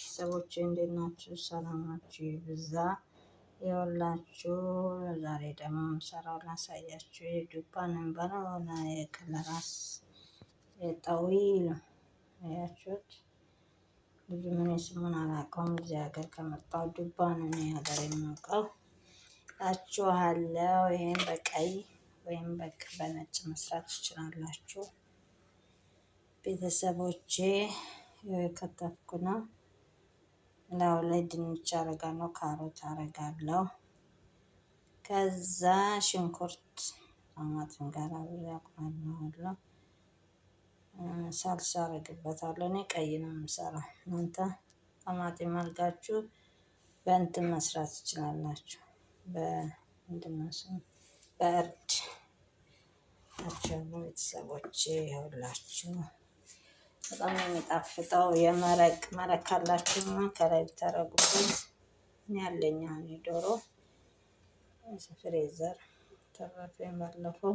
ቤተሰቦች እንዴት ናችሁ? ሰላም ናችሁ? ይብዛ የወላችሁ ዛሬ ደግሞ ምሰራው ላሳያችሁ። የዱባን እንበላውና የቅለራስ የጠዊ ነው ያችሁት። ብዙ ምን ስሙን አላውቀውም። እዚህ ሀገር ከመጣው ዱባን እኔ ሀገር የማውቀው ላችኋለሁ። ይህም በቀይ ወይም በቅ በነጭ መስራት ትችላላችሁ ቤተሰቦቼ። የከተፍኩ ነው ላው ላይ ድንች አረጋለሁ፣ ካሮት አረጋለሁ። ከዛ ሽንኩርት አማትን ጋር አብሬ አቁላለሁ። ሳልሳ አረግበታለሁ። እኔ ቀይ ነው የምሰራው። እናንተ ጣማጢም ማልጋችሁ በእንትን መስራት ትችላላችሁ። በእንድነሱ በእርድ ናቸው ቤተሰቦቼ ይኸውላችሁ። በጣም የሚጣፍጠው። የመረቅ መረቅ ካላችሁማ ከላይ ብታረጉበት እኔ ያለኝ አሁን ዶሮ ፍሬዘር ተረፈ ባለፈው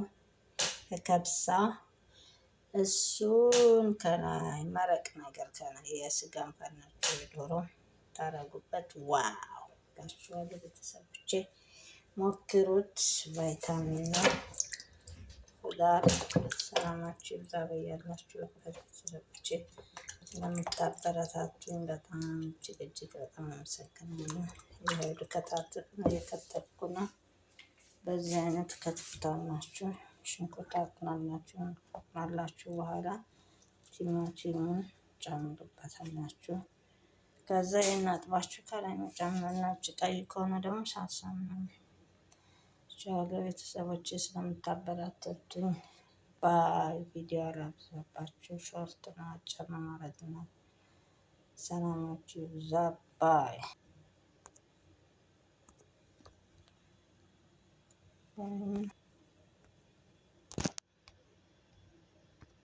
ከከብሳ እሱን ከላይ መረቅ ነገር ከላይ የስጋን ፈርናችሁ የዶሮ ታረጉበት። ዋው ጋቸዋል ቤተሰቦቼ ሞክሩት። ቫይታሚን ነው። ይውላል። ሰላማችሁ ይብዛ በያላችሁ ቤተሰቦቼ። ለምታበረታቱኝ በጣም እጅግ እጅግ በጣም አመሰግናለሁ። ይኸው የከተፍኩ ነው። በዚህ አይነት ከትፍታላችሁ፣ ሽንኩርት አቁላላችሁ አቁላላችሁ በኋላ ቲማቲሙን ጨምሩበታላችሁ። ከዛ ይህን አጥባችሁ ከላይ መጨመር ነው። ቀይ ከሆነ ደግሞ ሳሳምናለሁ ወዳችኋለሁ ቤተሰቦች ስለምታበረታቱኝ። በቪዲዮ አላብዛባችሁ፣ ሾርት ነው አጭር ነው ማለት ነው። ሰላማችሁ ይብዛ ባይ